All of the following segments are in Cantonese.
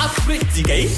u 自己，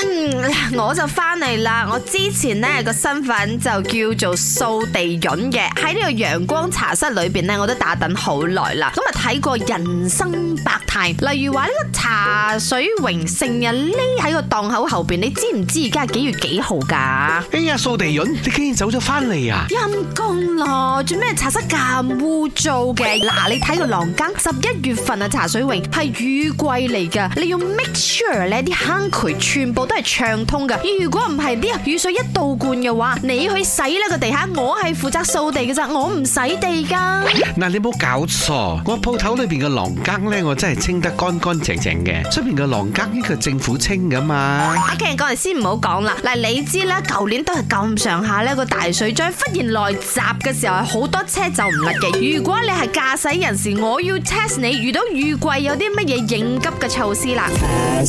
我就翻嚟啦。我之前呢個身份就叫做掃地潤嘅，喺呢個陽光茶室裏邊呢，我都打等好耐啦。咁啊睇過人生百態，例如話呢個茶水榮成日匿喺個檔口後邊，你知唔知而家係幾月幾號噶？哎呀，掃地潤，你竟然走咗翻嚟啊！陰公咯，做咩茶室咁污糟嘅？嗱，你睇個廊間，十一月份啊，茶水榮係雨季嚟噶，你要 make sure。呢啲坑渠全部都係暢通嘅，如果唔係啲雨水一倒灌嘅話，你去洗呢個地下，我係負責掃地嘅咋，我唔洗地噶。嗱，你冇搞錯，我鋪頭裏邊嘅廊更呢，我真係清得乾乾淨淨嘅。出邊嘅廊更呢，佢政府清噶嘛。啊，嘅人講嚟先唔好講啦。嗱，你知啦，舊年都係咁上下呢個大水漲忽然嚟襲嘅時候係好多車就唔甩嘅。如果你係駕駛人士，我要 test 你遇到雨季有啲乜嘢應急嘅措施啦。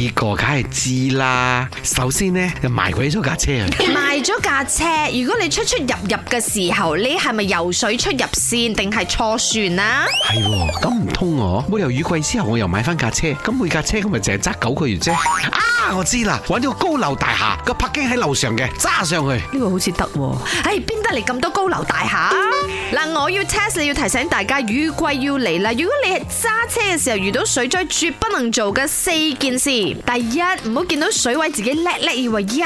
呢個梗係知啦。首先呢，就賣鬼咗架車。賣咗架車，如果你出出入入嘅時候，你係咪游水出入先，定係坐船啊？係，咁唔通我每雨季之後我又買翻架車，咁每架車咁咪淨係揸九個月啫？啊，我知啦，搵到高樓大廈個泊經喺樓上嘅，揸上去。呢個好似得喎。哎，邊得嚟咁多高樓大廈啊？嗱，我要 Test 你，要提醒大家，雨季要嚟啦。如果你係揸車嘅時候遇到水災，絕不能做嘅四件事。第一，唔好見到水位自己叻叻，以為一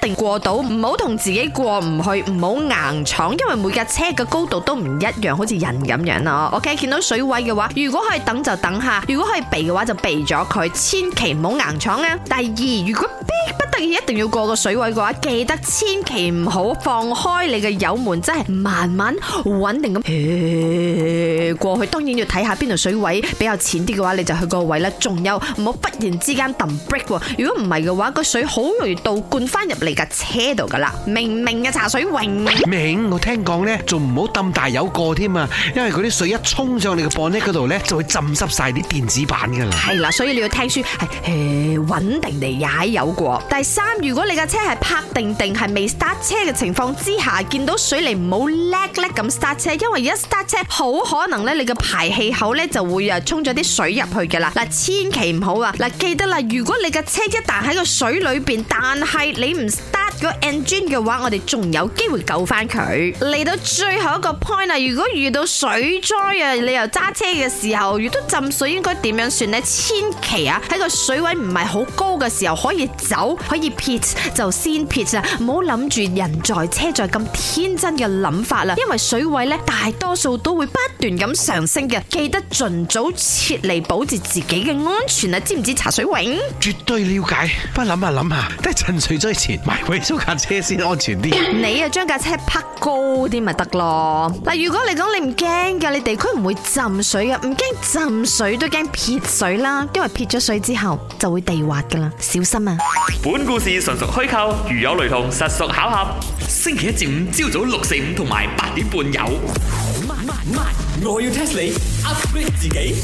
定過到，唔好同自己過唔去，唔好硬闖，因為每架車嘅高度都唔一樣，好似人咁樣咯。OK，見到水位嘅話，如果可以等就等下，如果可以避嘅話就避咗佢，千祈唔好硬闖啊！第二，如果逼不一定要過個水位嘅話，記得千祈唔好放開你嘅油門，真係慢慢穩定咁去過去。當然要睇下邊度水位比較淺啲嘅話，你就去個位啦。仲有唔好忽然之間揼 break，如果唔係嘅話，個水好容易倒灌翻入嚟架車度噶啦。明唔明啊？茶水泳明，我聽講咧，仲唔好咁大油過添啊，因為嗰啲水一沖上你個玻璃嗰度咧，就會浸濕晒啲電子板噶啦。係啦，所以你要聽書，係誒穩定地踩油過，第三，如果你架車係泊定定，係未剎車嘅情況之下，見到水你唔好叻叻咁剎車，因為一剎車好可能咧，你個排氣口咧就會啊沖咗啲水入去噶啦。嗱，千祈唔好啊！嗱，記得啦，如果你架車一旦喺個水裏邊，但係你唔如果 engine 嘅話，我哋仲有機會救翻佢。嚟到最後一個 point 啦，如果遇到水災啊，你又揸車嘅時候遇到浸水，應該點樣算呢？千祈啊，喺個水位唔係好高嘅時候可以走，可以撇就先撇啊，唔好諗住人在車在咁天真嘅諗法啦。因為水位咧，大多數都會不斷咁上升嘅，記得盡早撤離，保持自己嘅安全啊！知唔知查水泳？絕對了解，不諗下諗下，都係趁水災前埋租架車先安全啲，你啊將架車擗高啲咪得咯。嗱，如果你講你唔驚㗎，你地區唔會浸水嘅，唔驚浸水都驚撇水啦，因為撇咗水之後就會地滑噶啦，小心啊！本故事純屬虛構，如有雷同，實屬巧合。星期一至五朝早六四五同埋八點半有。我要 test 你，upgrade 自己。